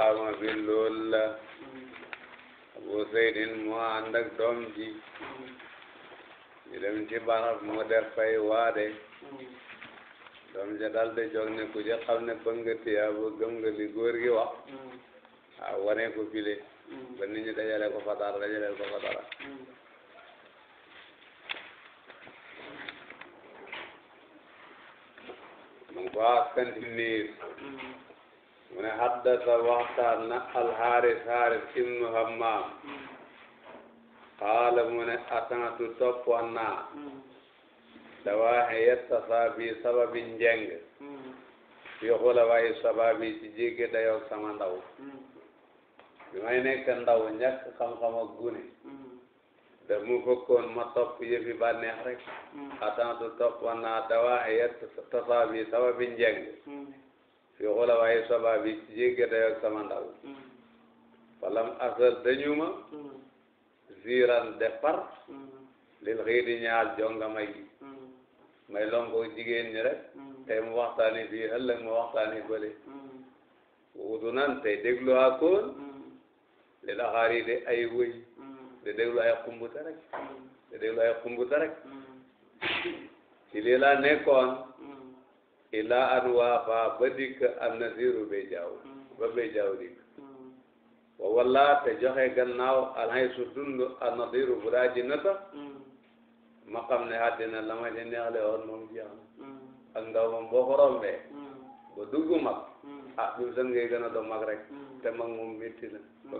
maqaama bi lool la abu seydin moo ànd ak doom ji ñu dem ci barab mu def fay waade doom ja dal de ne ku ja xam ne bëgg nga gëm nga li góor gi wax waaw wane ko file ba nit ñi dajale ko fatara dajale ko fatara mu ko askan ci niir mu ne haddasa waxtaan na alxaaris xaaris ibnu hammaam qaala mu ne attantu toppoon naa dawaaxe yettasaa bi sababi njeng yoxu la waaye sababi ci jéggi dayoog sama ndaw bi may nekk ndaw ñàkk xam-xam ak da mu fëkkoon ma topp yëfi bànneex rek attantu toppoon naa dawaaxe yettasaa bi sababi njeng fi xoola waaye sabab bi ci jéggi dayoo ak sama ndaw falam asal dañu ma ziiran lil xëy di ñaal jonga may gi may lonko jigéen ñi rek tey mu waxtaani fii ëllëg mu waxtaani bële wudu nan tey déglu akoon li la yi de ay wëy de déglu ay xumbuta rek de déglu ay xumbuta rek ci lii laa nekkoon ilaa anwaafa ba dikk an nasiru bee jaaw ba bee jaaw dikk wa walla te joxe gannaaw alhay su dund an nadiru bu nata ma xam ne àddina la ma ci neexle woon moom jeex na ak ndaw moom boo ko rombee ba dugg mag ah du san ngay te mag moom métti na ba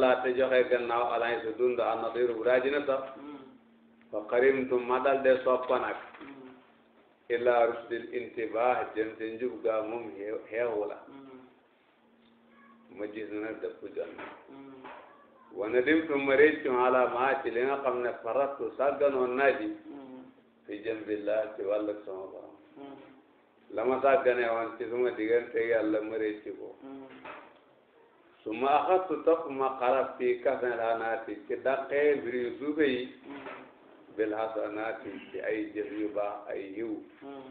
métti joxe gannaaw alhay su dund an nadiru bu nata wa xarimtu ma dal de soppa ilaa rushdil intibah jëm ci njub gaa moom xeexu la mm-hmm. ma gis na dëpp jot na mm-hmm. wana dim tu ma réccu ala maa ci li nga xam ne faratu sàgganoon naa ji mm-hmm. fi jëm billah ci wàllu sama borom la ma sàggane woon ci suma diggante yàlla ma réccu ko su ma axattu topp ma xarab fii kasen laa naati ci dàqee mbir yu suufe yi bil hasanaati ci ay jëf yu baax ay yiw hmm.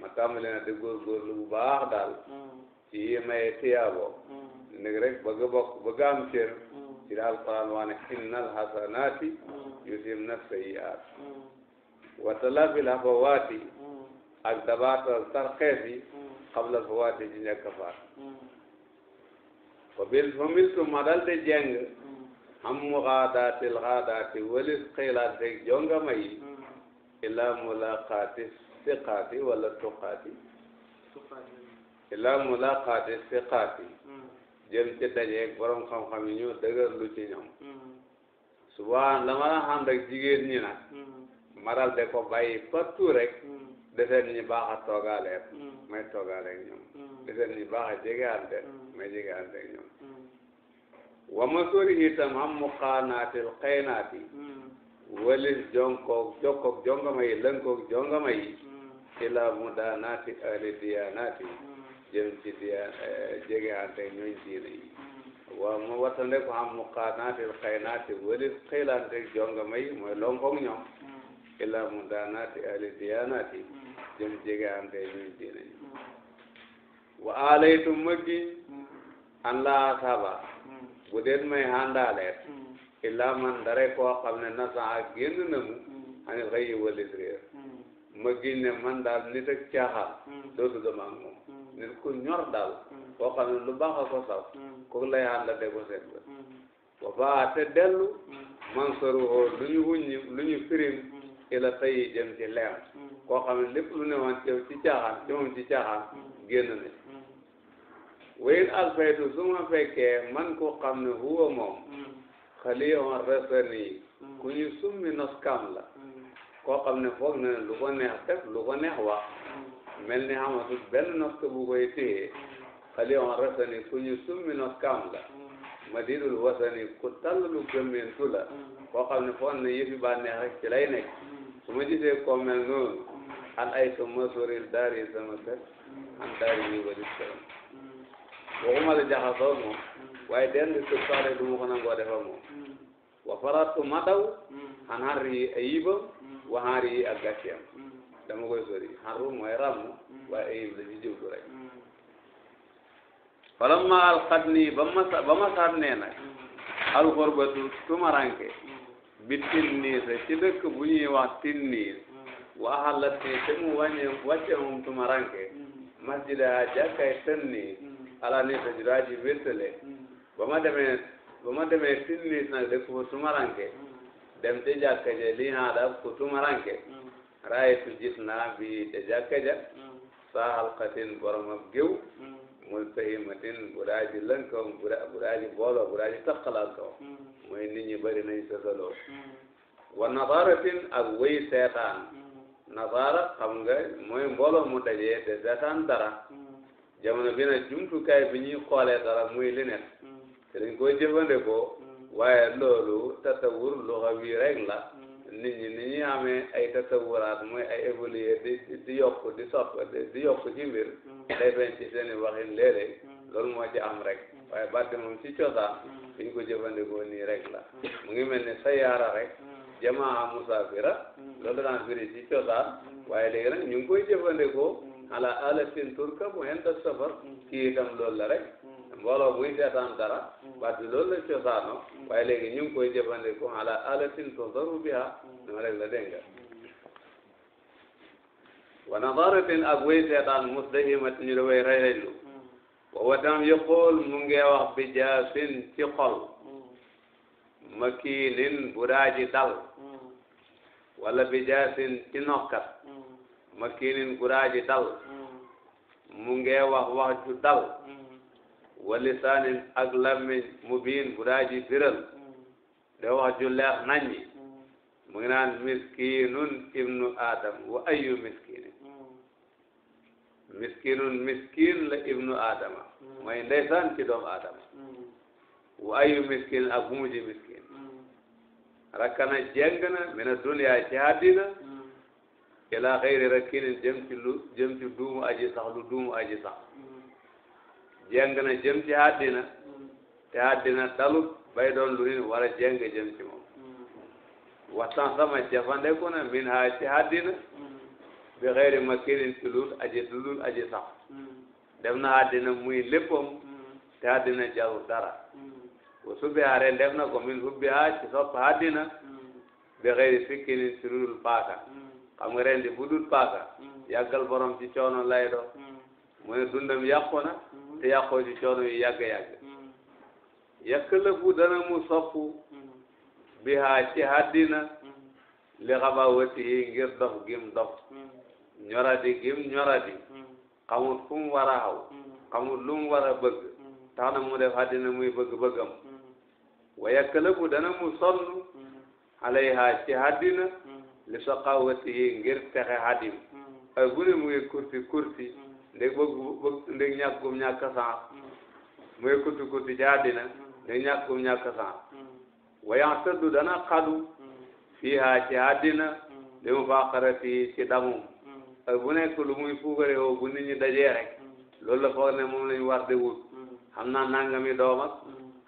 ma tàmbali na di góorgóorlu bu baax daal hmm. ci yi maye tiyaabo ndeg hmm. rek bëgg bokk bëgg am cër ci daal Alxuraan waa ne innal hasanaati yusimna sayyi'aat wa talafil hafawaati ak dabaatal sarxees yi qabla fawaati ci njëkk faat wa bil familtu ma dal de jeng hammu xaadaatil xaadaati walis xëylaanteeg jongama yi ilaa mulaqaati siqaati wala tuqaati ilaa mulaqaati siqaati jëm ci dajeeg borom xam-xam yi ñu dëgër lu ci ñoom subhaan la ma la xam rek jigéen ñi maral de ko bàyyi partout rek mm. deseen ñi baax a toogaaleet mm. may toogaaleeg ñoom mm. deseen ñi baax a jegeante may jegeanteeg ñoom wa masori itam am mu xaanaatil xaynaati mm. walis jonkoog jokkoog jongama yi lënkoog jongama yi mm. ila mu daanaati ali diyaanaati mm. jëm ci eh, jege ante ñooñ diine yi ma wattande ko am mu xaanaatil xaynaati walis xiilanteeg jongama yi mooy lonkoog ñoom ila mu daanaati ali diyaanaati jege ante ñooñ diine yi wa alaytum ma an laa saba bu dee may àndaaleet illaa man dara koo xam ne nasaa génn na mu ani xëy yi walis ma giñ man daal nit ak caaxaan dootu dama ak moom nit ku ñor daal koo xam ne lu baax a ko saf kooku de ko seet ba wa te dellu man soru oo lu ñu wuññi lu ñu firim ila tey jëm ci leer koo xam ne lépp lu ne woon ci caaxaan ci wayin alfaytu su ma fekkee man ku xam ne huwa moom mm. xaliyoon resani mm. ku ñu summi noskam la mm. koo xam ne foog na lu ko neex teg lu ko neex wax mel ni xamatul benn nosk bu koy téye xaliyoon resani ku ñu summi noskam la madidul wasani ku tallalu gëmmeentu la koo xam ne foog na yëfi bànneex rek ci lay nekk su ma gisee koo mel noonu al ay sama daari sama kër an daari yi walit sama waxuma la jaxasoo moom waaye den di du mu ko nangoo defa moom wa faratu ma daw xan xar yi ayibam wa xar yi ak gàcceyam dama koy sori xaru mooy ràmm waaye ayib la ci jublu rek mm. falamma alxat nii ba ma ba ma sànnee nag mm. alxorbatu tumaranke mm. bi tinniis ci dëkk bu ñuy wax tinniis waxalat nii te mu wàññe wàcce moom tumaranke masjida jàkkay tinniis xalaat ni sa juraa ji ba ma demee ba ma demee tinnis nag de ku tumaranke hmm. dem ca jàkka ja li haada ku tumaranke hmm. raaytu gis naa bi ca jàkka ja hmm. saa halqatin borom ab géew multahimatin budaa ji lënkaw budaa ji booloo budaa ji kaw mooy nit bari nañ sësaloo wa nasaratin ak wéy seetaan nasara xam nga mooy mbooloo mu dajee te seetaan dara jamono bi nag jumtukaay bi ñuy xoolee dara muy lunette te dañ koy jëfandikoo waaye loolu tasawur loxo bi rek la nit ñi ni ñuy amee ay tasawuraat muy ay évoluer di di yokk di sopp di yokk ci mbir day feeñ ci seen i waxin léeg-léeg loolu moo ci am rek waaye bàtte moom ci cosaan fi ñu ko jëfandikoo nii rek la mu ngi mel ni sayaara rek jamaa musafira loolu daan firi ci cosaan waaye léegi nag ñu ngi koy jëfandikoo ala alatin turkabu inda safar kii itam loolu la rek mbooloo buy seetaan dara parce que loolu la cosaano waaye léegi ñu ngi koy ko ala alatin tusaru biha dama rek la dégg nga wa nadaratin ak way seetaan musdahimat ñu da way raylu wa watam yëqool mu ngi wax bi jaasin ci xol makiinin bu daaji dal wala bi jaasin ci nokkat makinin guraaji dal mu nge wax wax ju dal wa lisaanin ak lammiñ mubiin guraaji biral de wax ju leer naññi mu ngi naan miskinun ibnu adam wa ayu miskinin miskinun miskin la ibnu adama mooy ndeysaan ci doomu adama wa ayu miskin ak bu mujj miskin jeng na mina duniya ci àddina ila xayri rakinin jëm ci lu jëm ci duumu aji sax lu duumu aji sax jeng na jëm ci àddina te àddina talut bay doon lu nin war a jeng jëm ci moom waxtaan sama jafandeku na min ha ci àddina bi xayri makinin ci lul aji lul def na àddina muy léppam te àddina jaru dara wa su bihaare def na ko min hubbi ha ci sopp àddina bi xayri fikkinin ci lul paaka xam nga rendi bu dul paaka hmm. yàggal borom ci coono lay doon hmm. mu ne dundam yàqu na hmm. te yàqoo ci coono yu yàgg-yàgg yakkalafu dana mu soppu bihaa ci haddina li xaba wëtti yi ngir dox gim dox ñoradi gim ñoradi xamul fu mu war a xaw xamul mu war a bëgg tax na mu def haddina muy bëgg-bëggam wa yakkalafu dana mu sonn alayha ci haddina li saqawatihi ngir texe hadim mm. ay bu mu ngi kurti kurti mm. ndeg bëgg bëgg ndeg ñàkkum ñàkk sans mm. mu ngi kurti kurti ci àddina ndeg ñàkkum ñàkk sans wayan tëddu dana xadu fiiha ci àddina li mu faqarati ci damum ay bu nekk lu muy fuugare woo bu nit ñi dajee rek loolu la foog ne moom lañu war di wut xam naa nangami doom ak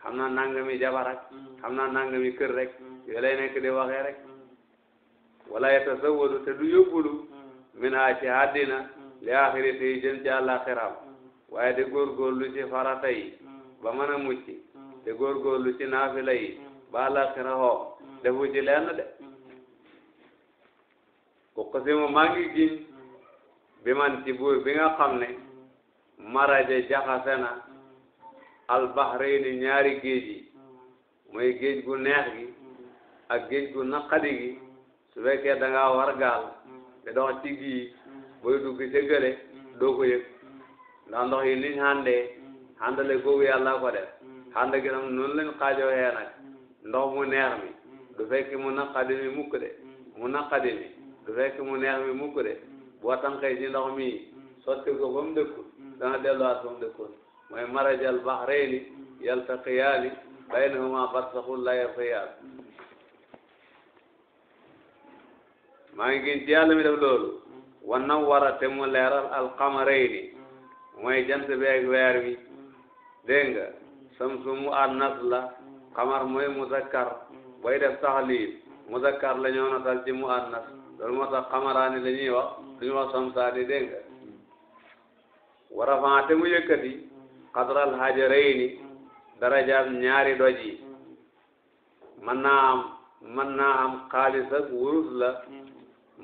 xam naa nangami jabar ak xam naa nangami kër rek yooyu lay nekk di waxee rek wala yatasawwadu te du yóbbulu mm. min haa ci àddina mm. li axirati yi jëm ci àllaaxiram mm. waaye de góorgóorlu ci farata yi ba mën a mucc de góorgóorlu ci naafila yi ba àllaaxira hoo defu ci lenn de uqsimu maa ngi giñ bi man ci buur bi nga xam ne maraja jaxase na albahrayni ñaari géej yi mooy géej gu neex gi ak géej gu naqadi gi su fekkee da ngaa war gaal di mm. dox ci gii mm. booy dugg ca gële mm. doo ko yëg ndax ndox yi liñ ko def xànd gi nag noonu lañ xaajoo xee nag mu neex mi du fekk mu naqadi mi mukk de mu naqadi mi du fekk mu neex mi mukk de boo tànkee ci ndox mi sotti ko fa mu dëkku dana delluwaat fa mu dëkkoon mooy marajal baxreyni yaltaqiyaani baynahuma barsaxun laa yartayaani maa ngi gën ci mi def loolu wa nawwara te mu leeral alqamarayni mooy jant beeg weer wi dégg nga samsu mu annas la qamar mooy muzakkar booy def taxliil muzakkar la ñoo nasal ci mu annas loolu moo tax qamaraani la ñuy wax du ñu wax samsaani dégg nga wa rafa'a te mu yëkkati qadral hajarayni darajaam ñaari doj yi naa am mën naa am xaalis ak la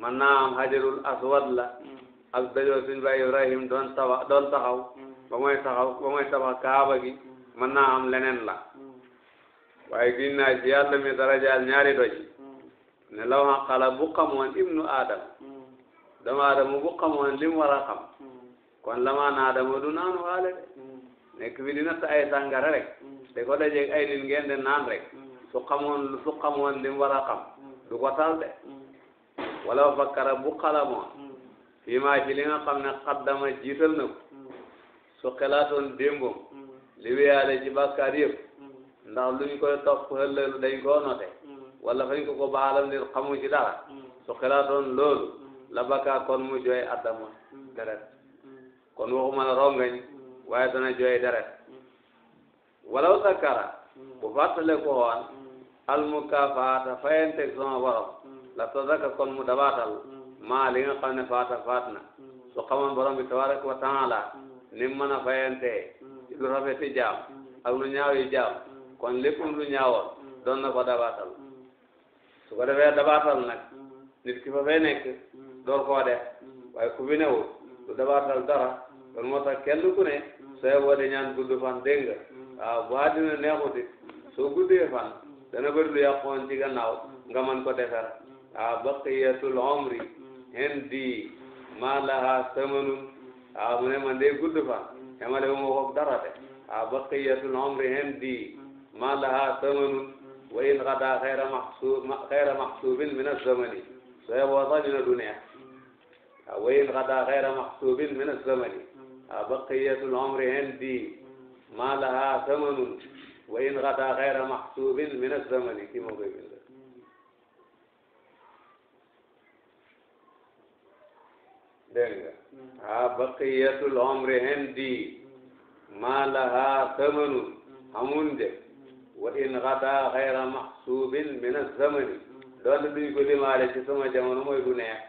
man naa am hajarul aswad la mm. ak dajoo suñ baay ibrahim doon tabax doon taxaw mm. ba mooy taxaw ba mooy tabax kaaba gi mm. man naa am leneen la waaye giñ naa ci yàlla mi darajaal ñaari doj ne law xaqala bu xamoon ibnu adam dama adama bu xamoon li mu war a xam kon la maan adama du naan waale de nekk fi dina ta ay sàngara rek te ko dajeeg ay nit ngeen de naan rek su xamoon su xamoon li mu war a xam du ko tal de wala fakkara bu xalamoon fii maa ci li nga xam ne xaddama jiital na ko su xelaatoon démbam li wéyaale ci bàkkaar yëpp ndax luñ koy topp ëllëg dañ koo note wala fañ ko ko baalam nit xamu ci dara su xelaatoon loolu la bàkkaar kon mu jooy addama deret kon waxuma la rongañ waaye dana jooy deret walaw sakkara bu fàttale ko woon almukafaata fayante sama borom la tazaka kon mu dabaatal mm. maa li nga xam ne faata na mm. su xamoon borom bi tabaraka wa taala mm. ni mu mën a fayantee ci lu rafeti ak lu ñaaw yi jaam kon léppum lu ñaawoon doon na ko dabaatal su ko defee dabaatal nag nit ki fa fay nekk door koo def waaye ku fi newul du dabaatal dara loolu moo tax kenn ku ne sooy woote ñaan gudd fan dégg nga waaw bu àddina neexuti soo guddee fan dana bëri lu yàqoon ci gannaaw nga mën ko defar a baqiyatul umri indi ma laha samanun a mu ne man de gudd fan xamale mu ko dara de a baqiyatul umri indi ma laha samanun wa in gada xayra maxsub xayra maxsubin min azamani so yeboo sax dina du neex a wa in gada xayra maxsubin min azamani a baqiyatul umri indi ma laha samanun wa in gada xayra maxsubin min azamani kii moo koy bind dégg nga ah baqiyatul umri indi maa hmm. lahaa thamanun hmm. amun de wa in xataa xayra maxsuubin min azamani doonte duñ ko limaale ci sama jamono mooy du neex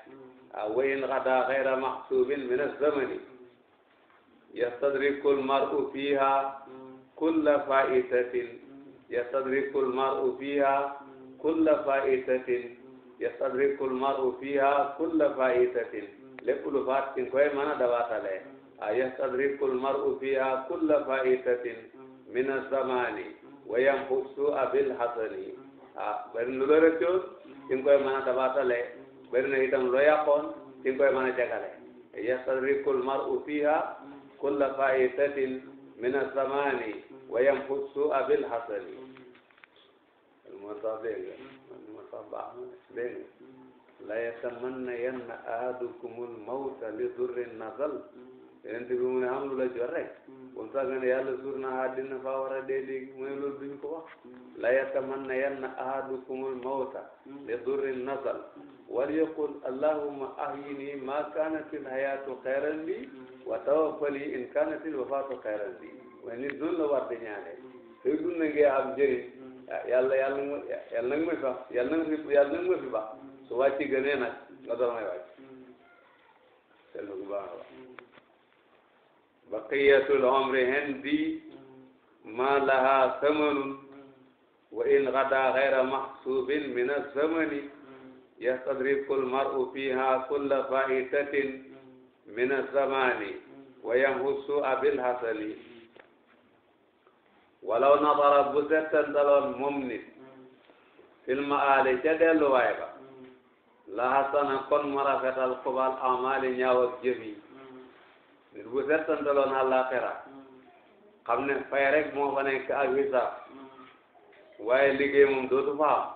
ah wa in xataa xayra maxsuubin min azamani yastadriku almaru fiha kulla faitatin yastadriku almaru fiha kulla faitatin yastadriku almaru fiha kulla faitatin lépp lu faat ci koy mën a yastadriku almaru fiha kulla faitatin min azamani wa yamhu sua bil hasani ah bari na loo rëccoon jagale yastadriku almaru fiha kulla faitatin min azamani wa yamhu sua bil hasani moo tax dégg la yatamanna yanna ahadukumul mawta li durrin nazal yeneen bi mu ne am la jot rek bu mu sàgg suur na àddina faa war a dee léegi mu ne loolu duñ ko mm. la yatamanna yanna ahadukumul mawta mm. li durrin nazal mm. wal yaqul allahumma ahyini ma kanatil hayatu xayran li wa tawaffani in kanatil wafatu xayran bi waaye nit la war di ñaanee fekk dund na ngee am njëriñ yàlla yàlla yàlla nag ma fi baax yàlla nag ma fi baax su wàcc gënee nag nga door may wàcc seetlu bu baax a baax baqiyatul umri indi ma laha samanun wa in gada gayra maxsuubin min azamani yastadriku almaru fiha kulla faitatin min azamani wa yamhusu abilhasali walaw nadara bu settan daloon moom nit filma aali ca delluwaay ba la hasana kon mu rafetal xubal amali ñaaw ak jëf yi mm-hmm. nit bu settantaloon àllaaxira mm-hmm. xam ne fay rek moo fa nekk ak hisaab mm-hmm. waaye liggéey moom dootu fa am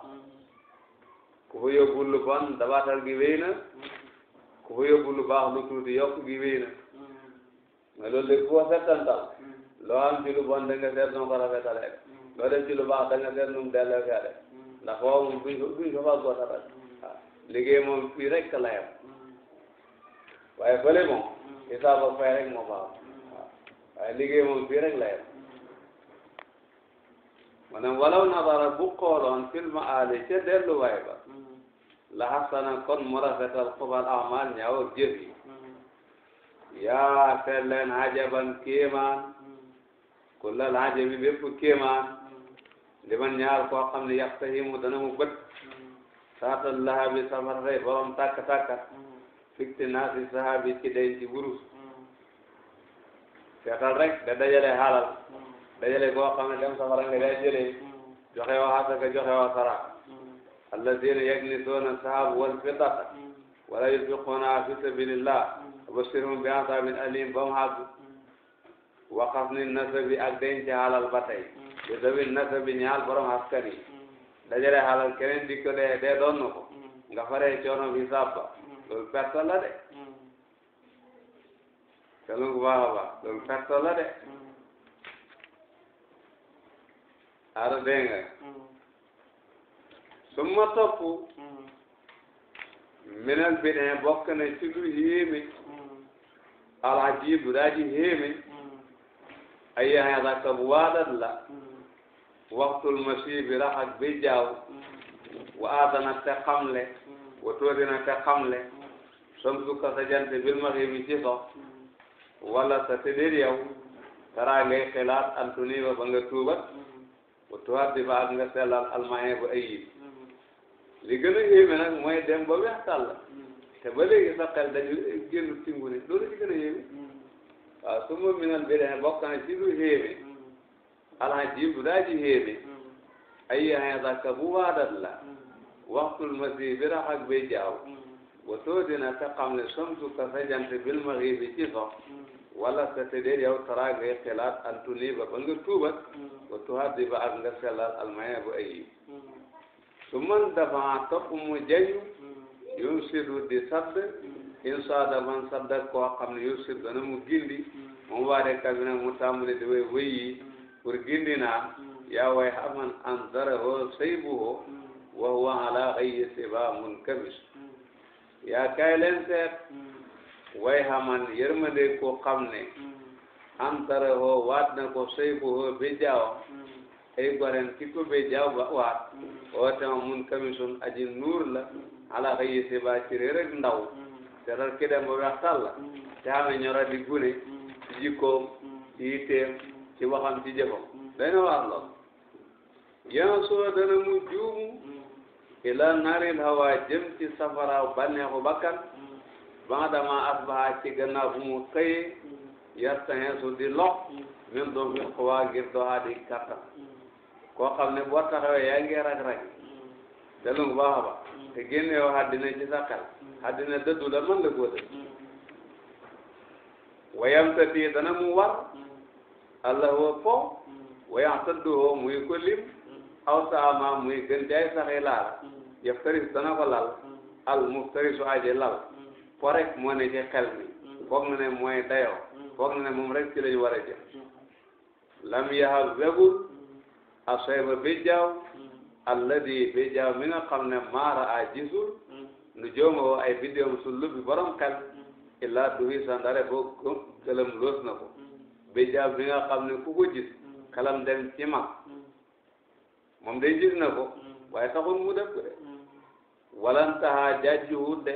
ku fa yóbbu lu bon dabaatal gi wéy na ku fa yóbbu lu baax lu tuuti yokk gi wéy na mais loolu lépp boo settantal loo am ci lu bon da nga seet nu mu ko rafetalee loo def ci lu baax da nga seet nu mu delloo fee de ndax foofu moom duñ ko duñ ko faa góor liggéey moom fii rek la yem waaye fële moom xisaab ak fay rek moo fa am waaye liggéey moom fii rek la yem maanaam walaw nadara bu xooloon fil maali ca delluwaay ba la xasana kon mu rafetal xubal amal ñaaw ak jëf yi yaa seet leen ajaban kéemaan kullal ajabi bépp kéemaan li man ñaar koo xam ne yaxtahimu dana mu bët saatal lahabi samar rey borom takka takka fikti naasi sahabi ci denc wurus seetal rek da dajale halal dajale koo xam ne dem safara nga day jëlee joxe wa asaka joxe wa saraaka allazina yaknizuuna sahab wal fiddata wala yunfiquunahaa fi sabilillah abashirhum bi azaabin aliim ba mu xàgg waqaf ni nasabi ak denc halal ba tey bi sabil nasabi ñaal borom askan yi dajale xalal keneen dikko dee dee doon na ko mm. nga faree coono bi sàbba mm. loolu perte la de mm. keneen loolu perte la de ara dégg ma topp minal bi ne bokk na ci lu yéeme alajib daa ji yéeme ay yaxee rakab waxtul masi bi rax ak bi jaaw wa aadana te xamle wa toodina te xamle samsu ka sa jant bil maxi ci so wala sa tëdër yow taraa ngay xelaat antuni ba ba nga tuubat wa tuwaat di ba nga sellal almaye ba ayib li gën a yéeme mooy dem ba weex tàll te ba léegi sa xel dañu génn ci ngune loolu ci gën a yéeme waaw su ma minal bi dene bokk na ci lu yéeme alhajibu daa ji héeme ay yahay zakka bu waadat la waxtul masi bi rax ak bay jaaw mm. wa dina te xam ne somtu ka sa jant bil maxiibi ci sox mm. wala sa tëddee yow taraa ngay xelaat al tuni ba ba tuubat mm. wa tuhaat di ba ak nga sellaat almaya bu ayib su man dafa topp mu jayu yum sidu di sadd insaada man sadda koo xam ne yum sid dana mu gindi moom waade kabina mu tàmbali di way wéy pour gindina mm. yaa way aman anzarahu saybuhu mm. wa huwa ala xayyi siba munkamis yaa kaay leen mm. way aman yërmande ko xam ne anzarahu waat na ko saybuhu bi jaaw ay goren ki ko bi ba waat oo tema munkamisun aji nuur la ala xayyi siba ci réer ak ndaw te dal ki dem ba weex te xame ñora di gune ci jikkoom ci yitteem ci waxam ci jëfam day na waar lool yan soo dana mu juumu ila naaril hawa jëm ci safara bànneexu bakkan ba dama asbaha ci gannaaw fu mu xëyee yartahin su di lox min doon fi xuwaa ngir doxaa di kattan koo xam ne boo taxawee yaa ngi rag-rag delungu baax a te génneewoo àddina ci sa xel àddina dëddu la mën la góode wayam ta dii dana mu war allah wa po wayan tadduhoo muy ko lim aw saama muy gën jaay saxi laara yaftaris dana ko lal al muftarisu aji lal po rek moo ne ci xel mi foog na ne mooy dayoo foog na ne moom rek ci lañu war a jëm lam yahal wegul asayba bijjaaw alladi bijjaaw mi nga xam ne maara a gisul nu joomawo ay biddiwam sullu bi borom xel illaa duhi sandare boo gëlëm loos na ko bi jaab bi nga xam ne ku ko gis mm. dem ci mm. moom day gis na ko mm. waaye taxul mu def ko de walantaha jajjuhut de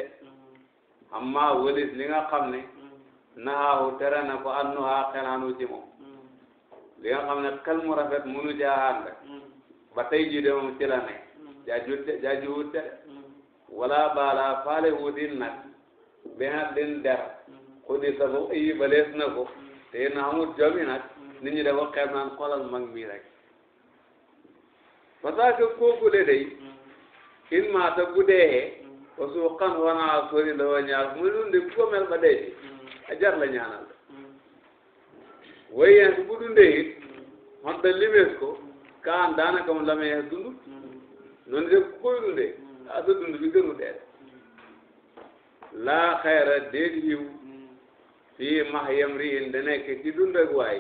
amma wëlis li nga xam ne naxaahu tere na ko annuha xelaanu ci moom li nga xam ne xel mu rafet munu jaaxaan rek ba tey jii de moom ci la ne jajju jajjuhut de wala baala faale wutin nag bi nga din der xudi sa ko ayi balees na ko te yéen a amul jom yi nag nit ñi dafa xeeb naan mag mi rek parce que kooku le day in maata bu dee wasu xan wanaa sori la wa ñaar muy dundee bu ko mel ba dee a jar la ñaanal waaye yéen bu dundee it xon da limees ko kaan daanaka mu la may dund noonu de ku dundee asa ah, dund bi gënu dee laa xayra déet yiw fii max yam riin da nekk ci dund ak waay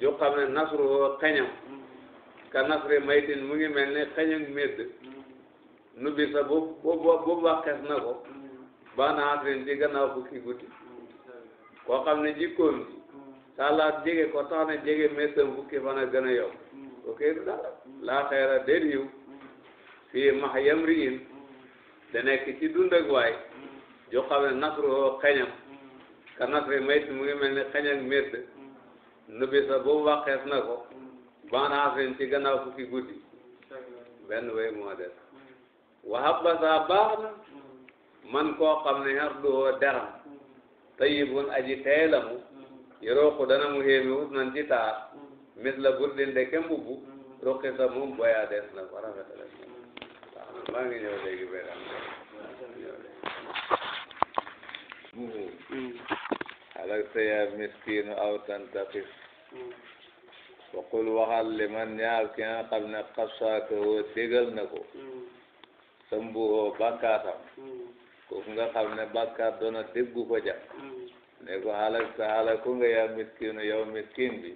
ju xam ne nasru woo xeñam ka nasri maytin mu ngi mel ne xeñam médd nu bisa boobu boobu waxees na ko baax na asrin ci gannaaw fukki guddi koo xam ne jikkoom ji salaat jege ko tax na jege méttam fukki fan gën a yow ok du dara laa xeera déet yiw max yam riin da nekk ci dund ak ne nasru woo xeñam kanas ri mayt mu ngi mel ni xañak métt mm. nu bi sa boobu waxees na ko mm. banasrin ci gannaaw fukki guddi benn way moo des mm. wahab sa baax na man koo xam ne xar duhoo deram tayibun aji tey la mu yorooku dana mu héemi husnan ci taar mis la burdin de ke mbubbu ruqi sa moom boyaa des na ko rafetale maa ngi ñëw léegi bay tarakta yaa miskiinu aw tantaqis wa qul waxal li man ñaar ki nga xam ne xasaaka woo dégal na ko sambuhoo bàkkaatam kooku nga xam ne bàkkaat doona déggu ko ja ne ko xalak sa xalaku nga yaa miskiinu yow miskiin bi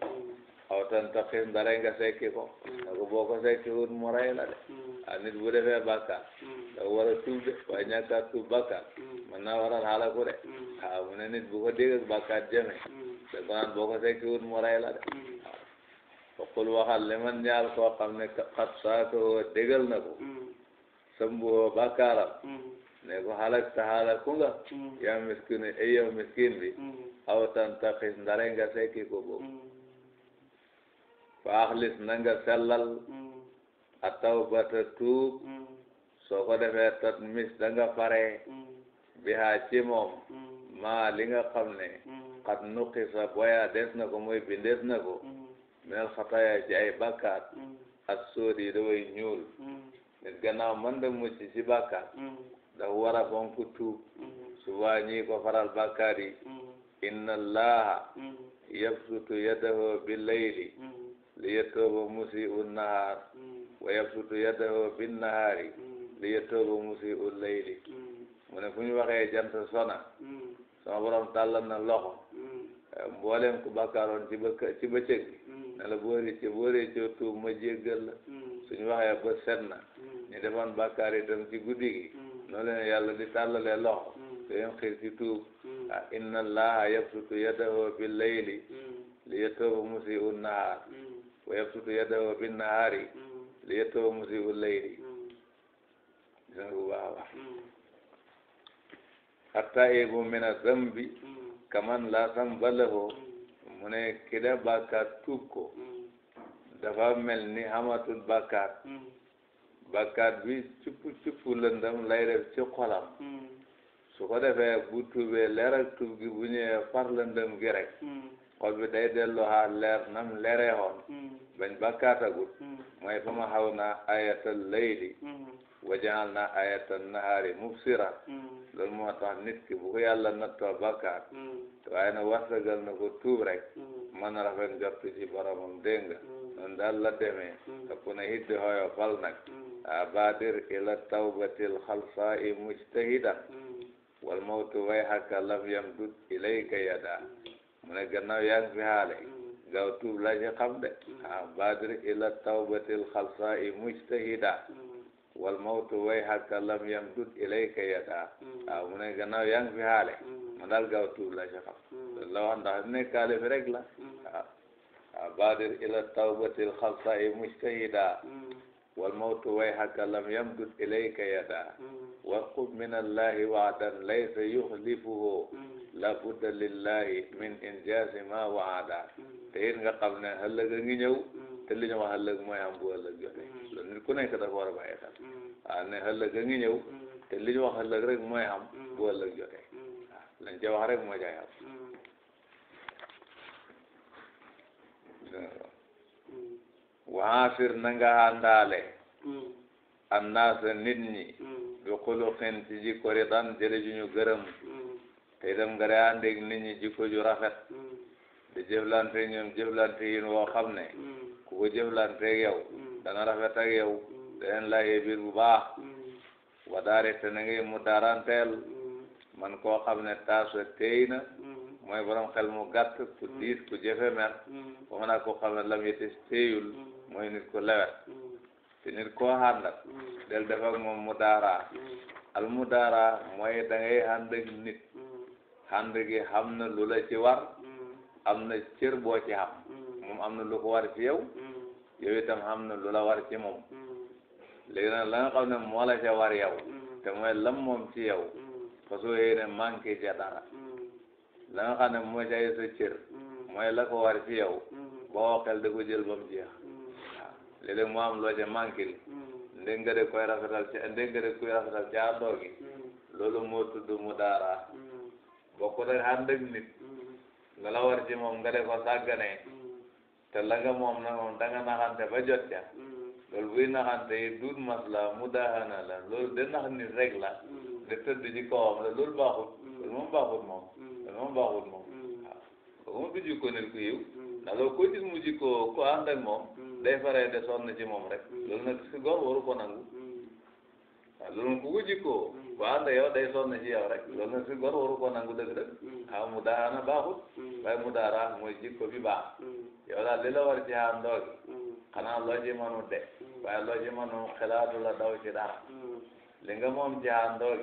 aw tantaqis ndare nga sekki ko ne ko boo ko sekki wut mu de a bu defee bàkkaat da war a tuub de waaye ñàkkaat tuub bàkkaat mën naa waral xalaku de waaw mu ne nit bu ko dégg ak bàkkaat jëme da ko wut mu rey la de faqul waxal li man ñaal koo xam ne xat saakoo dégal na ko sëmbuhoo bàkkaaram ne ko xalak ta xalak ku nga yaa miskin ay yow miskin bi aw tan taxis ndare nga sekki ko boobu fa axlis nga sellal a taw bata tuub soo ko defee tat mis da nga pare bi haa maa li nga xam ne xat mm. nuqi sa boya des na ko mooy bindees na ko mm. minal xataaya ci ay bàkkaat mm. ak sóot yi daway ñuul nit gannaaw man da mucc ci bàkkaat dafa war a fonk tuub subaa ñi ko faral bàkkaat yi inna allaha yabsutu yadahu bi layli li yetooba musiu nahaar wa yabsutu yadahu bi nahaari li yetooba musiu layli mu ne fu ñu waxee jant sona sama borom tàllal na loxo mm. mboolem ku bakkaaroon ci ba ci mm. la boori ci boori ci tuub ma jéggal la mm. suñu waxee ba set na ñu defoon bakkaar itam ci guddi gi noonu leen yàlla di tàllalee loxo te yéen ci tuub ah inna allaha yabsutu yadahu bi layli li yetooba musiu nahaar wa yabsutu yadahu bi nahaari li yetooba musiu layli gis nga bu baax a baax attaibu mina zambi kaman la zamba lahu mu ne ki da bàkkaat tuub ko dafa mel ni amatul bàkkaat bàkkaat bi cuppu cuppu lëndam lay def ci xolam su ko defee bu tuubee leer ak tuub gi bu ñëwee far lëndam gi rek xol bi day dellu ha leer nam leeree woon mm. bañ bàkkaatagut mooy fa ma xaw naa ayatal layli wajaal na ayatan nahaari mubsira mm. loolu moo tax nit bu ko yàlla nattoo bakkaar mm. waaye nag warsagal na ko tuub rek mm. mën a rafet njort ci boromam dégg nga noonu daal la demee te ku ne hidde hoyo fal nag abaadir ila tawbatil xalsaai mujtahida wal mawtu way hakka lam ilayka yada mu ne gannaaw yaa fi xaale gaaw tuub la ci xam de abaadir ila tawbatil xalsaai mujtahida wal mawtu way hakka lam yamdud ilayka yada waaw hmm. mu ne gannaaw yaa ngi fi xaale hmm. ma daal gaaw tuub la ci xam hmm. la wax ndax ne kaale fi rek la waaw ah. ah, baadir ila tawbatil xalsayi mujtahida wal mawtu way hakka lam yamdud ilayka yada warqub min allahi waadan laysa yuxlifuhu la budda lillahi min injaasi ma waada te it nga xam ne ëllëg a ngi ñëw te li ñu wax ëllëg mooy am bu ëllëg jotee nit ku nekk dafa war a bàyyi xel mm. waaw ne ëllëg a ngi mm. li ñu wax ëllëg rek mooy am mm. bu ëllëg jotee waaw lañ ca wax rek moo cay am waafir na nga àndaale annaasa nit ñi bi xuluqin ci jikko ridan jële ju ñu gërëm te itam nga dee ànd nit ñi jikko ju rafet di jëflante ñoom jëflante yin woo xam ne ku ko jëflante yow dana rafet ak yow danañ la yebir bu baax mm. wadaare te na ngay mu mm. man koo xam ne taasu teey na mm. mooy borom xel mu gàtt ku diis ku jëfe mer ba mën a koo xam ne lam yetis teeyul mooy nit ku lewet te nit koo àndak del def moom mu al mu mooy da ngay ànd ak nit ànd gi xam na lu la ci war am na cër boo ci xam moom am na lu ko war ci yow yow itam xam na lu la war ci moom léegi nag la nga xam ne moo la ca war yow te mooy lam moom ci yow fasoo yéene manqué ca dara la nga xam ne moo jaay sa cër mooy la ko war ci yow boo xel da ko jël ba mu jeex mu am loo ca manqué li ndég nga de ci rafetal ca ndég nga de koy rafetal gi loolu moo mu daara bokku rek ànd ak nit nga la war ci moom nga de ko sàgganee te la moom na moom danga naxante ba jot ca loolu buy naxante yi mas la mudahana la loolu de nax nit rek de tëdd ci kawam la loolu baaxut loolu moom baaxut moom loolu moom baaxut moom moom du jikko nit ku yiw ndax loolu ko gis mu jikko ko ànd ak moom day faree de sonn ci moom rek loolu nag si góor waru ko loolu ku ko jikkoo bu ànd yow day sonn ci yow rek loolu nag si góor waru ko nangu dëgg-dëgg ah mu daana baaxut waaye mu daara mooy jikko bi baax yow daal li la war ci xaar ndox xanaa loo ci mënu de waaye loo ci mënu xelaatu la daw ci dara li nga moom ci xaar ndox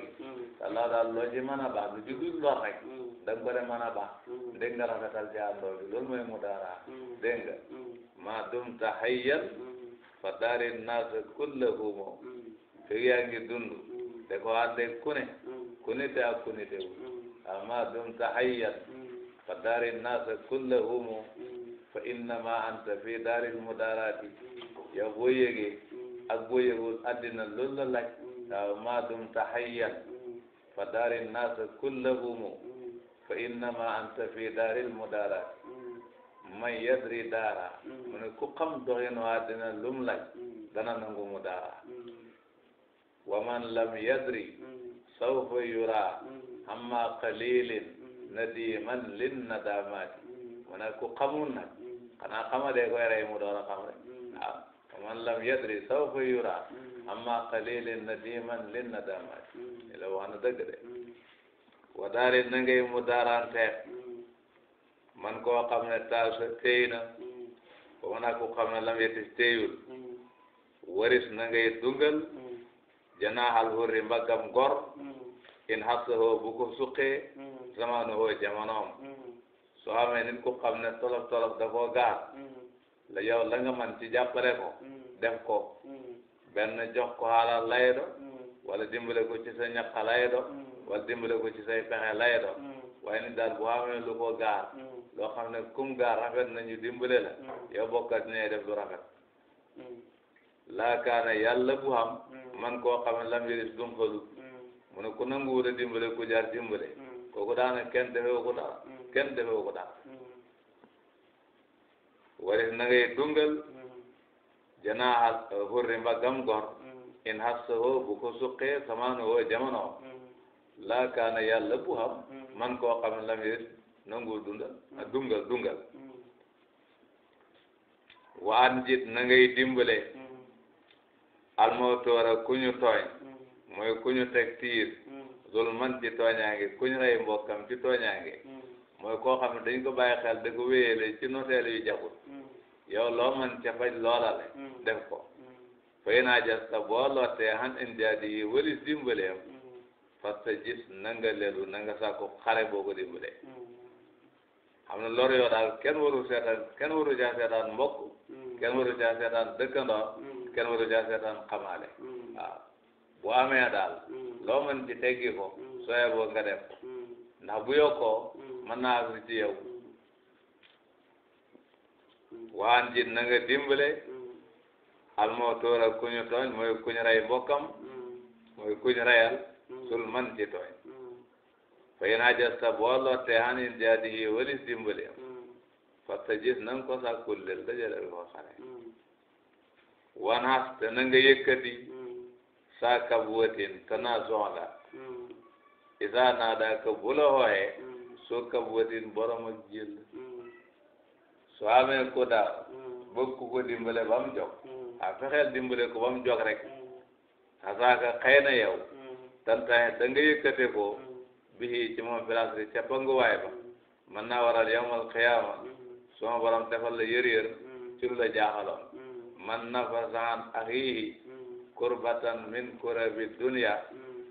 te loolu daal loo ci mën a baax lu judul lor rek da nga ko de mën a baax dégg nga rafetal ci xaar ndox loolu mooy mu daara dégg nga maa dum ta hayyan fa daari naas kullahu moom fekk yaa ngi dund te ko ànde kune kunite ak kunite wu amma dumta hayyan fa daari naasa kullahum fa innama anta fi daari mudaarati yow boo yëgee ak boo yëgul àddina loolu la laaj amma dumta hayyan fa daari naasa kullahum fa innama anta fi daari mudaarati man yadri daara mu ne ku xam doxin waa àddina lum laaj dana nangu mu daara wa man lam yadri sawfa yura amma qalilin nadiman lin nadamati mu ne ku xamul nag xanaa xamadee koy rey mu door a xam rek wa man lam yadri sawfa yura amma qalilin nadiman lin nadamati ila wax na dëgg de wa daari na ngay mu daarante man koo xam ne taasa téy na wa man a ku xam ne lam yetti téyul waris na ngay dungal janaaxal hurri mbaggam gor hmm. in habsahoo bu ko suqee hmm. zamaanohoo jamonoom hmm. soo amee nit ku xam ne tolof tolof da koo gaar la yow la nga man ci jàppale ko def ko benn jox ko xaalal lay do wala dimbale ko ci sa ñaqa lay do wala dimbale ko ci say pexe lay do waaye nit daal bu amee lu ko gaar loo xam ne kum gaar rafet nañu dimbale la yow bokkat ñee def lu rafet laakaane yàlla bu xam man ko xam ne lam yëlis dum xalu mu ne ku nanguwul dimbale ku jaar dimbale mm. kooku daanaka kenn defewu ko dara mm. kenn defewu ko dara mm. waris na ngay dungal janaaxal hurri mbaggam gor in hassahoo bu ko suqee samaanoo jamono laa kaana yàlla bu xam man koo xam lam yëlis nanguwul dungal dungal waan jit na dimbale almawtu moo ku ñu tooñ mm-hmm. mooy ku ñu teg tiir zulman mm-hmm. ci tooñaange ku ñu rey mbokkam ci tooñaange mm-hmm. mooy koo xam ne dañ ko bàyyi xel da ko wéyale ci noteel yu jaxul yow loo man ca faj loola le def ko fay naa jasta boo lottee han indiadi yi wëlis dimbaleem parce que gis na nga lelu na nga sàkku xare boo ko dimbalee xam ne lor yoo daal kenn waru seetaan kenn waru caa seetaan mbokk kenn waru caa seetaan dëkkandoo kenn watu jaa seetaan xamaale mm. waaw bu amee daal mm. loo mën ci teggi ko mm. soo yeboo nga def ko ndax bu yokkoo mën naa agsi ci waan ji na dimbale almawtuur ak ku ñu tooñ mooy ku rey mbokkam mooy ku reyal sul man ci tooñ fa in ajasta boo lottee han in jaadihi walis dimbaleem fatta gis na nga ko sàkkul lel dajaleel ko xare wanaas te na nga yëkkati hmm. saa kab wëtin te naa soxla hmm. isa naa daa ka la xooyee hmm. soo kab wëtin borom ak jël soo amee ko daal bëgg ku ko dimbale ba mu jóg a fexeel dimbale ko ba mu jóg rek asaaka xëy na yow tantaxe da nga yëkkate ko bii ci moom place bi ca panguwaay ba mën naa waral yawmal xiyaama suma borom defal la yër yër la jaaxaloon man nafasa an axihi kurbatan min kurabi dunya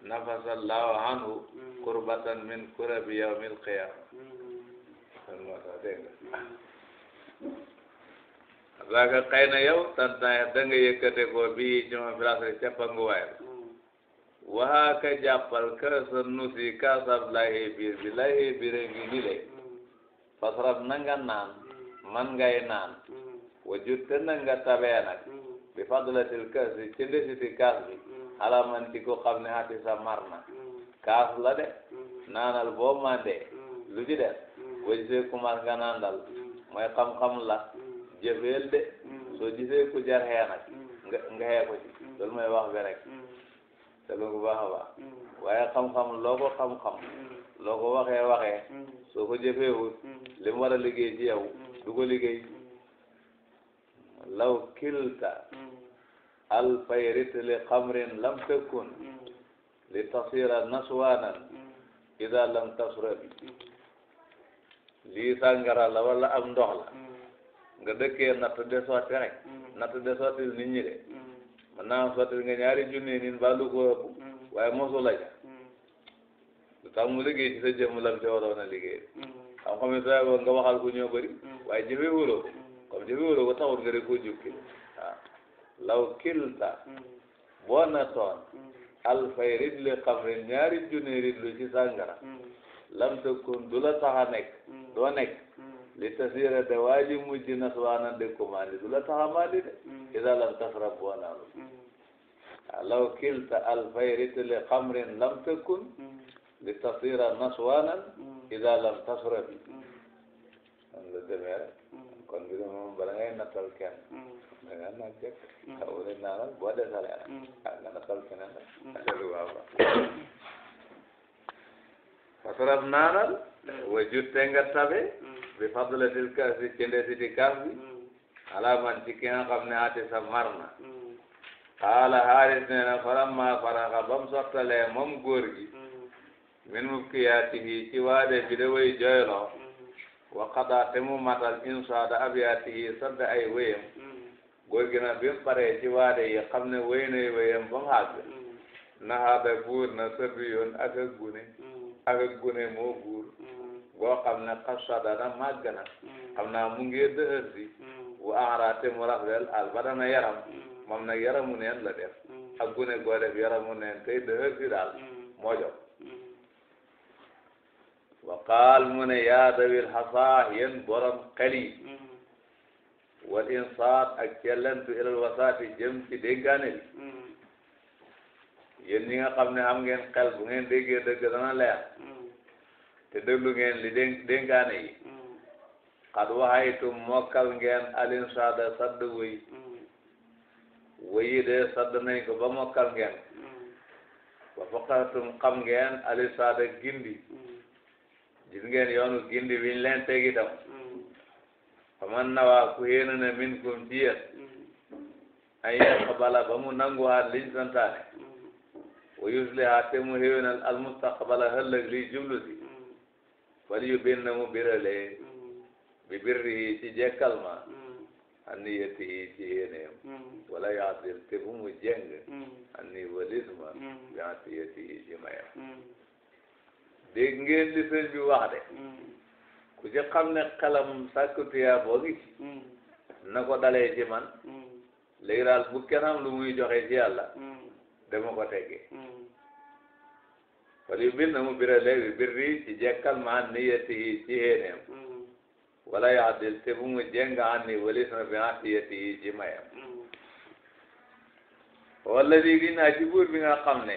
nafasa allahu anhu kurbatan min kurabi yawmil qiyama saaka xëy na yow tantaay da nga yëkkate ko bii ñoom filasri cappanguwaay waxaa ka jàppal ka sa nusi ka sab lahi biir bi lahi biir ngi ni le fasrab na naan man ngay naan wajut te nag nga tabee nag bi fadlatil kaas bi ci ndesiti kaas bi alaman ci ko xam ne hati sa mar na kaas la de naanal boo mandee lu ci def boo gisee ku mar nga naandal mooy la jëfeel de soo gisee ku jar xee nag nga nga xee ko ci loolu mooy wax bi rek te lu ko baax a baax waaye xam-xam loo ko xam-xam loo ko waxee waxee soo ko jëfeewut li mu war liggéey ci law kilta alfayrit li xamrin lam takun li tasira naswanan ida lam tasra bi lii sàngara la am ndox la nga dëkkee natt de sotti rek natt de sottil nit ñi de mën naa sottil nga ñaari junni nin ba lu ko ëpp waaye mosu ja lu tax mu liggéey ci sa jëmm lam ca waroon a liggéey xam-xam yi soo nga waxal ku ñoo bëri waaye jëfee wuloo jógewul ko taxul nga ko jukki waaw ah, law kilta boo natoon alfay rit li xamrin ñaari junni rit lu ci lam takun du la tax a nekk doo nekk li tasira de waa ji mujj naswaana de commandi du la tax de ida lam tasrab boo naanu ah, law kilta alfay rit li xamrin lam takun li tasira naswaanan ida lam tasrabi an la demee kon mbir mi moom bala ngay nattal kenn. Mm. da ngaa naaj mm. rek. ah wala naanal boo desalee rek. Mm. ah nga nattal keneen rek. ah dellu waaw waaw. fasaral naanal. wa jutte nga tabe. bi fadlatil kaasi ci ndesi di kaas bi. ala man ci ki nga xam ne ati sa mar na. qaala Haaris nee na faramma faraxa ba mu soxtalee moom góor gi. min mubkiyaatihi ci waade bi da way jooyloo. waqada te mu matal insaada abiyaatihi sadd ay wéyam mm. góor gi nag bi mu yi xam ne wéy nay wéyam ba mu mm. buur na sabi yoon ak mm. ak gune ak ak gune moo buur goo ne xasada na màgg na xam naa mu ngi dëhër si bu aara te mu rafetal al ba dana yaram moom nag yaramu neen la def ak gune goo def yaramu waqaal mu ne yaa dawil xasaa yéen borom xel yi mm-hmm. wal insaat ak cellantu ilal wasaati jëm ci déggaane bi mm-hmm. ñi nga xam ne am ngeen xel bu ngeen déggee dëgg dana leer mm-hmm. te déglu ngeen li dén déngaane yi xad waxaytum mokkal ngeen alin sada sadd wëy wëyi dee sadd nañ ko ba mokkal ngeen wa faqatum xam ngeen alin sada gindi gis ngeen yoonu gindi wiñ leen tegi tam mm. faman na waa ku yéena na min kum ci yéen mm. ay yaqbala ba mu nanguwaat liñ santaane mm. wa yusliha te mu xéwénal almustaqbala hëllëg liy jublu si fal yu bin na mu biralee bi birrihi ci jekkal ma aniyatihi ci yéeneem wala yaasil te bu mu jeng ani walisma bi atiyatihi ci mayam dégg ngeen li sëñ bi wax de mm. ku ci xam ne xelam sàkku tuyaa boo ngi ci mm. ko dalee ci man mm. léegi daal bu am lu muy joxe ci yàlla dama ko teggee wala yu bir na mu bira léegi bir rii ci jekkal ma an niyati yi ci xéeneem wala yaadil te bu mu jenga an ni walis ma bi an niyati yi ci mayam wala léegi naa ci buur bi nga xam ne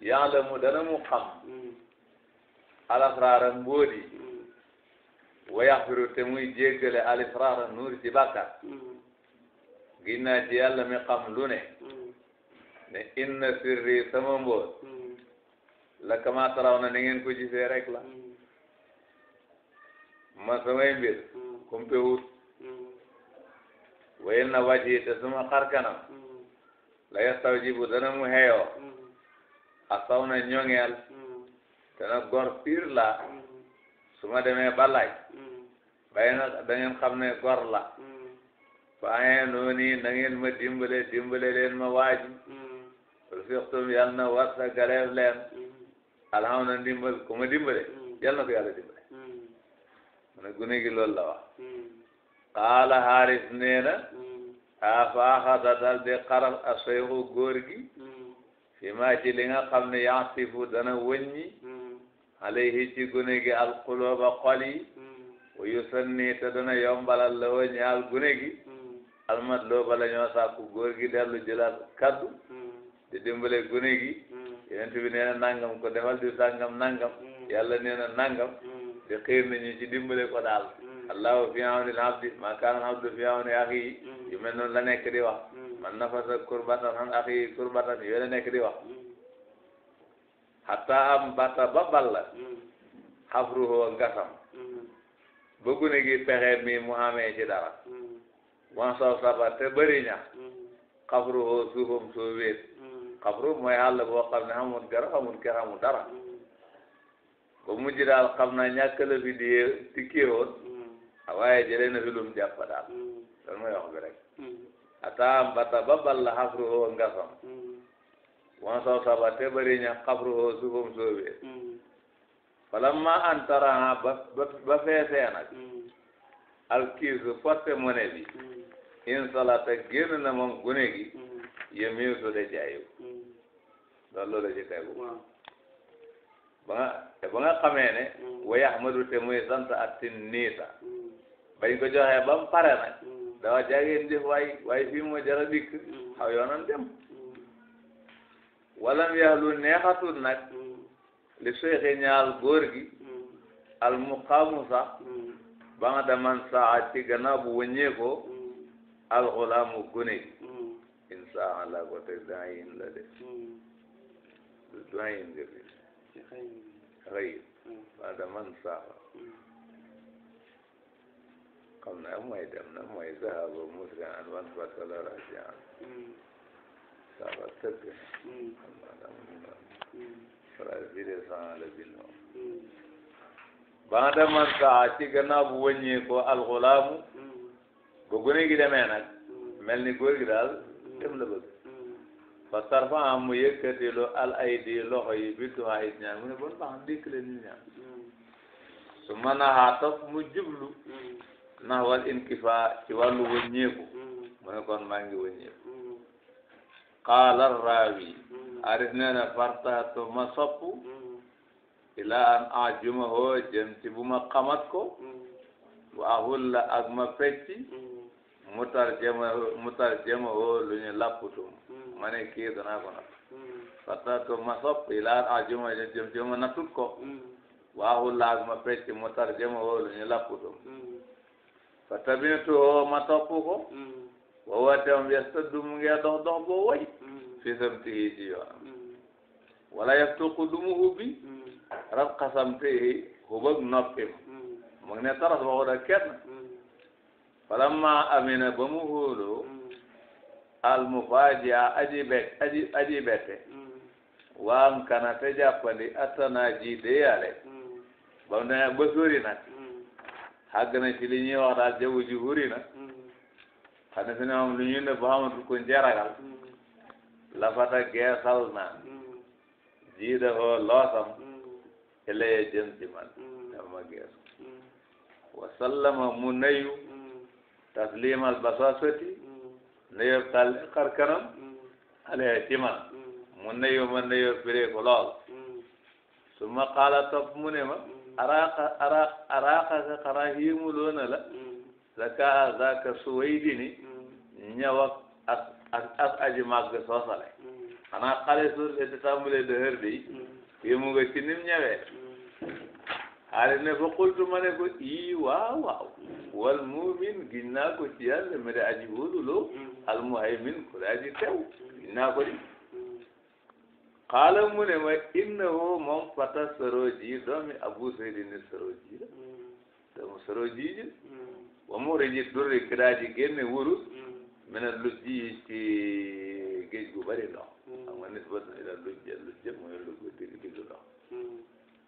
yàlla mu dana mu xam alafraara mbóodi wa yaxfiru te muy jéggale alifraara nuur ci bàkkaar ginnaa ci yàlla mi xam lu ne ne sirri sama mbóot la kama taraw na ni ngeen ko gisee rek la man samay mbir kumpe wut wa inna wajhi te sama xar kanam la yastawjibu dana mu heyoo asaw na ñoŋeel te nag gor piir la su ma demee ba laaj bay na da xam ne gor la faaye noonu na ngeen ma dimbale dimbale leen ma waaji surtout yal na war sa galeef leen alhamdulilah dimbal ku ma dimbale yal na ko yàlla dimbale mu ne gi loolu la wax qaala Haris nee na afaaxata dal di xaral asayxu góor gi fi maa ci li nga xam ne yaasifu dana wëññi alayhi ci gune gi alqulooba xol yi mm. wa yusanni te dana yombalal la woo ñaal gune gi mm. almat looba la ñoo sàkku góor gi dellu jëlaat kaddu mm. di dimbale gune gi yonent bi nee na nangam ko defal di sàngam nangam yàlla nee na nangam di xiir nañu ci dimbale ko daal allahu fi awni al abdi ma kaana al abdu fi awni axihi yu mel noonu la nekk di wax man nafasa kurbatan an axihi kurbatan yooyu la nekk di wax hatta am bata ba balla xafruhoo hmm. ngasam hmm. bëggu ne gi pexe mi mu amee ci dara hmm. wansaw saba te bëri ñax xafruhoo suufam soo wéet xafru mooy àll boo xam ne amul garab amul ker amul dara ba mujj daal xam naa ñàkk la fi di tikkee woon ah, waaye jëlee na fi lum jàpp daal loolu mooy wax bi rek hatta am bata ba balla xafruhoo ngasam wan saw saba te bari ña xabru hoo suufam soobee hmm. falamma antara ba ba feesee nag hmm. alkiisu porte monnaie bi hmm. insalata génn na moom gune gi yemiu su de jaayu loolu la ci tegu ba nga ba nga xamee ne way ahmadu te muy sant attin niita bañ ko joxee ba mu pare nag dawa jaageen jëf waay waay fii moo jara dikk xaw walam yahlu neexatul nag li seexi ñaal góor gi al muqaamu sax ba nga daman saa ci gannaaw bu wëññeekoo al xulaamu gune gi insaa la ko teg daayin la de du daayin de bi xëyit ba nga daman saa xam naa mooy dem na mooy zahaba musri'an wan saba tëgg ba nga man saa ci gannaaw bu wëññee alxulaamu ba gune gi demee nag mel ni góor gi daal dem la bëgg fa am mu yëkkati lu al aydi loxo yi bi duhaa ñaan mu ne bon baax dikk leen ñu ñaan su ma naxaa mu jublu nax inkifa ci wàllu wëññeeku mu ne kon maa ngi wëññeeku qaala raawi arif nee na fartaatu ma soppu ila an ajumaho jëm ci bu ma xamat ko wa ahulla ak ma fecci mutarjamaho mutarjamaho lu ñu lapputum ma ne kii danaa ko natt fartaatu ma soppu ila an ajumaho jëm ci bu ma nattut ko wa ahulla ak ma fecci mutarjamaho lu ñu lapputum fa tabintuho ma topp ko wa watam yestaddu mu ngi dox dox boo way fi samtihi ci yoonam wala yaftuqu du mm. mm. mu ubbi rab xasamtihi hubag noppim mu ngi ne taras waxut ak kenn mm. falamma amina ba mu hóoloo al mufajia aji bet aji aji bette waam kana te jàppandi attana ji déyale ba mu demee ba sóori nag xàgg na ci li ñuy wax daal jaww ji huri na xam ne fi ne moom lu ñuy ne ba xamatul ko njeragal lafata geesal naa jiida hoo loosam ilaye jëm ci man dama geesu wasallama mu nayu taslimal basasati nayo tal xar kanam alaye ci man mu nayu ma nayo piree ko lool su ma xaala mu ne ma araaka araa araaka ka xaraa hiimuloona la zaka zaka suwaydini ñawak ak ak ak aji màgg soosale mm. xanaa xale suur de di tàmbalee dëhër bi mm. yéemu nga ci nim ñëwee mm. xaali ne fa qultu ma ko ii waaw wal muumin giñ naa ko ci yàlla mi di aji wóoluloo al muhaymin ku di aji tew giñ naa ko di xaala mu ne ma innahu moom fata soroji doomi abu seydini soroji la doomu soroji ji wa mu riji durri kiraaji génne wurus mina lujji ci géej gu bari ndox hmm. xam nga nisbatan ila lujji lujji mooy lu digg digg ndox hmm.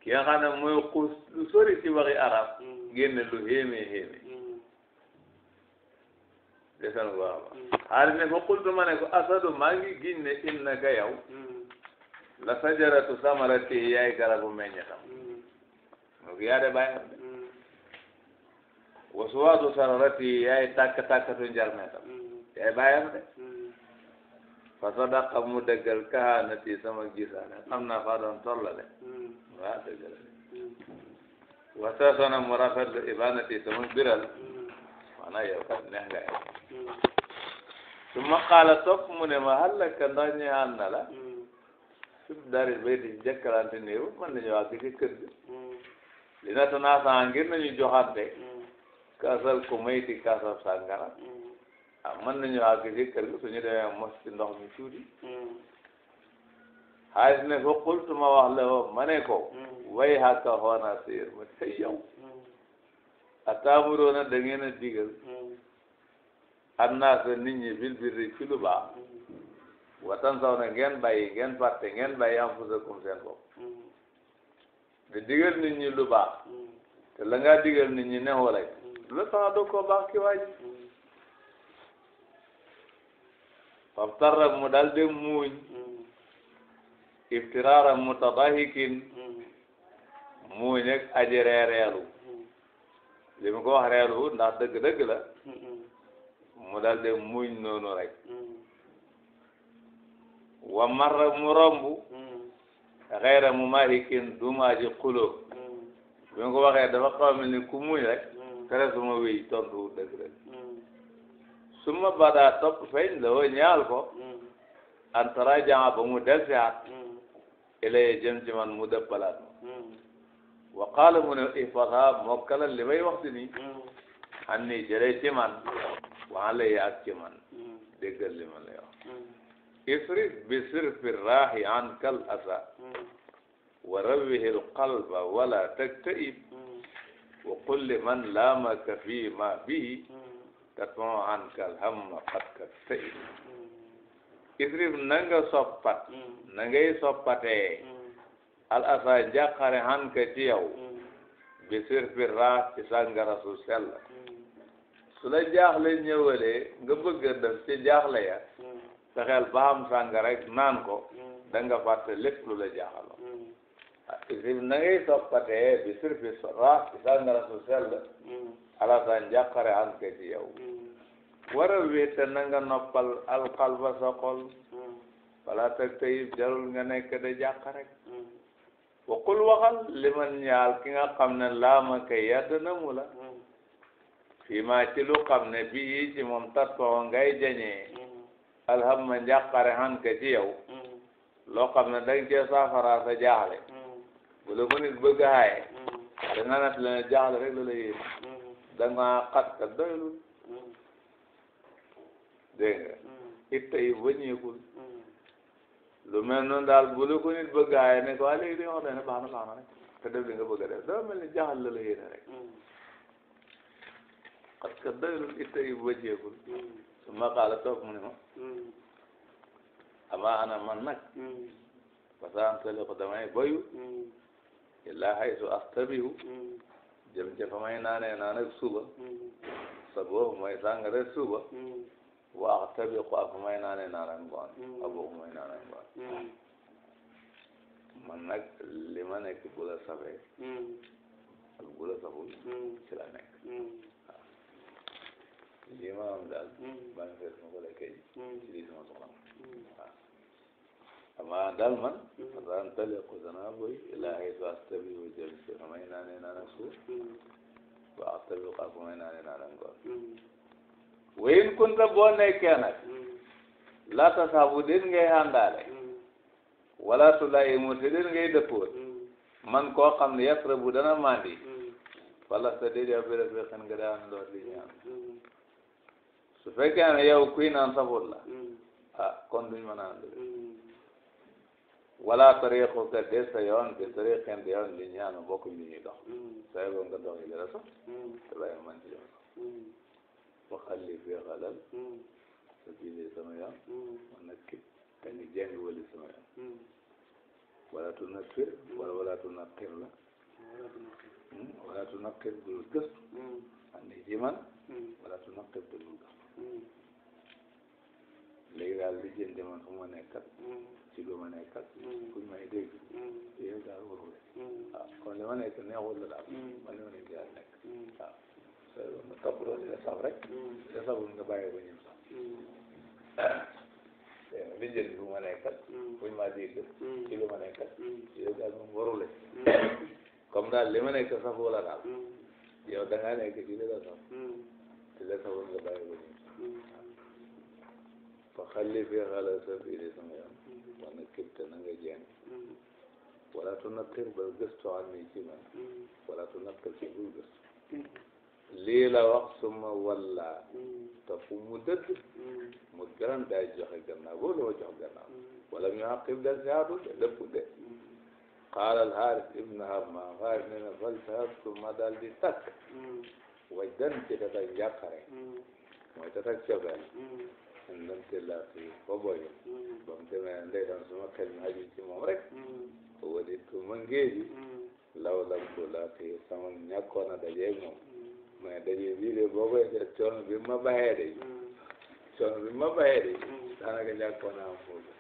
ki nga xam ne mooy xuus lu sori ci waxi arab hmm. génne lu héeme héeme defen bu baax xaalis ne fa qultu ma ne ko asadu maa ngi giñ ne innaka yow la sajaratu samarati yaay garabu meññetam moo ko yaa de bàyyam de wasuwaatu sararati yaay tàkk tàkkatu njarmeetam yaay bàyyam de fa sadaqa mu dëggal kahanati sama gisaane xam naa faa doon tolla de hmm. waa dëgg la de hmm. wa sasana mu rafetlu ibanati sama biral hmm. maanaam yow kat neex nga yow su ma xaala topp mu ne ma hallaka ndax ñu ànd na la su dari bay di jëkkalante néew mën nañu wàgg ci kër li na tanaasaa ngir nañu joxante kaasal ku may di kaasal sàngara ah mën nañu àgg ci kër gi suñu demee mos ci ndox mi tuuti hmm. xaalis ne ko xultu ma wax la woo ma ne ko hmm. way xàkka xoona séer ma tey yow hmm. ataamuroona digel ngeen a ni annaasa nit ñi bil birri ci lu baax watan saw na ngeen bàyyi ngeen fàtte ngeen bàyyi am fusakum seen bopp di digal nit ñi lu baax te la ngaa digal nit ñi nexoo rek lu tax doo ko baax ki faftarra mu dal di muuñ mm. iftiraara mutadahikin mm. muuñ ak aji reereelu mm. li mu ko wax reelu ndax dëgg-dëgg la mu dal di muuñ noonu rek wa marra mu romb xayra mu mahikin duma ji xuloo bi mu ko waxee dafa xaw mel ni ku muuñ rek tere suma wéy tontu dëgg-dëgg suma bada topp feeñ la woo ñaal ko mm. antara jama ba mu delsiaat mm. ilaye jëm ci man mu dëppalaat ma mm. wa qaala mu ne ihfadha mokkalal li may wax si nii an nii jëlee ci man waalaye ak ci man déggal li ma lay wax isrif bi sirfi raahi an kal asa wa rawihi alqalba wala taktaib wa qul li man laamaka fii ma bihi katoo ankal hamma pat ka tëy isrif nanga soppat hmm. nangay soppatee hmm. al asa njàqare hmm. ci yow bi sirfi raas ci sàngara su sell su la jaaxle ñëwalee nga bëgga def ci jaaxle ya fexeel ba xam sàngara rek naan ko danga fàtte lépp lu la jaaxalo isrif nangay soppatee bi sirfi raas ci sàngara su sell alaasa njàqare an ke ci yow mm. war a wéete na noppal alxalba sa xol wala mm. teg tayib jarul nga nekk de jàq rek liman ñaal ki nga xam ne laama kay yàdd na mu mm. maa ci lu xam ne bi yi ci moom tattoo ngay jañee alhamma njàqare han ka ci yow loo xam ne dang sa jaaxle bu la ko nit bëgg a haye rek la la danga xat ka doylul dégg nga mm. it tey bañeekul mm. lu mel noonu daal bu la ko nit bëgg aaye ne ko waa léegi dañoo wax ne baax na na rek te nga bëgg a def doo mel ni jaxal la la yéene rek mm. xat ka it tey bañeekul su ma xaala toog mu ne ma ama ana man nag parce que am ko damay bayu illaa haytu astabihu jëm ca fa may naanee naan ak suba mm-hmm. saboo mooy sàngara suba mm-hmm. waax tabi xoi fa may naanee naan ak ngoon aboo mm-hmm. mooy naan ak man nag li ma nekk bu la safee ak bu nekk waaw li ma am daal bàyyi fee su ma ko lekkee ci lii amma daal man daan tali ku danaa boy ilaa haytu astabiu jëm ci fa may naane naan ak suuf wa astabiu xaa fa may naane naan ak ngoon wayin kunta boo nekkee nag laa tasaabu din ngay àndaale wala tulaayimu te din ngay dëppoot man koo xam ne yasrabu dana mandi wala sa déedéet yow bi dafay xen nga daan loo di ñaan su fekkee ne yow kuy naan sabut la ah kon duñ mën wala tariqu ka des sa yoon bi tariqin di yoon li ñaanu bokkuñ li ñuy dox mm. saa yoo nga dox mm. te bàyyi man ci yoon mm. wa xalli fi xalal sa bilee sama yoon man nag ki te ñu jeng wala tu na fir wala wala tu na xir wala tu na xir bul gës andi ci man wala tu na xir bul gës léegi li jëndi man fu ma nekkat ci mm. mm. mm. ah, lu ma nekk ak kuñ may dégg yooyu daal warul waaw kon li ma nekk neexul la daal man li ma nekk yaa nekk waaw so nga toppatoo di la saf rek di la saful nga bàyyi ko ñëw sax li njël bi ma nekkat kuñ ma dégg ci lu ma nekkat yooyu daal moom warul comme daal li ma nekk safoo la daal yow da ngaa nekk ci li la saf di la saful nga bàyyi ko ñëw fa xalli fi xala sa fi di sama yoon wana kibta na nga jeng wala tu naqir ba gëstu an ni ci man wala tu naqir ci bul gëstu lii la wax suma walla topp mu dëdd mu garan day joxe gannaaw boo la ma jox gannaaw wala mu aqib da siaatu de lépp de qaal al haaris ibn hammam haaris ne na fal tahabtu ma daal di takk wajdan ci tata njàqare mooy tata cofeel alhamdulilah fi boboy ba mu demee ndeysaan suma xel mi aju ci moom rek walitu ma ngeeji law lam ko laati sama ñàkkoon a dajeeg moom mais daje bii de boo koy seet bi ma bàyyee de coono bi ma bàyyee de daanaka ñàkkoon a am foofu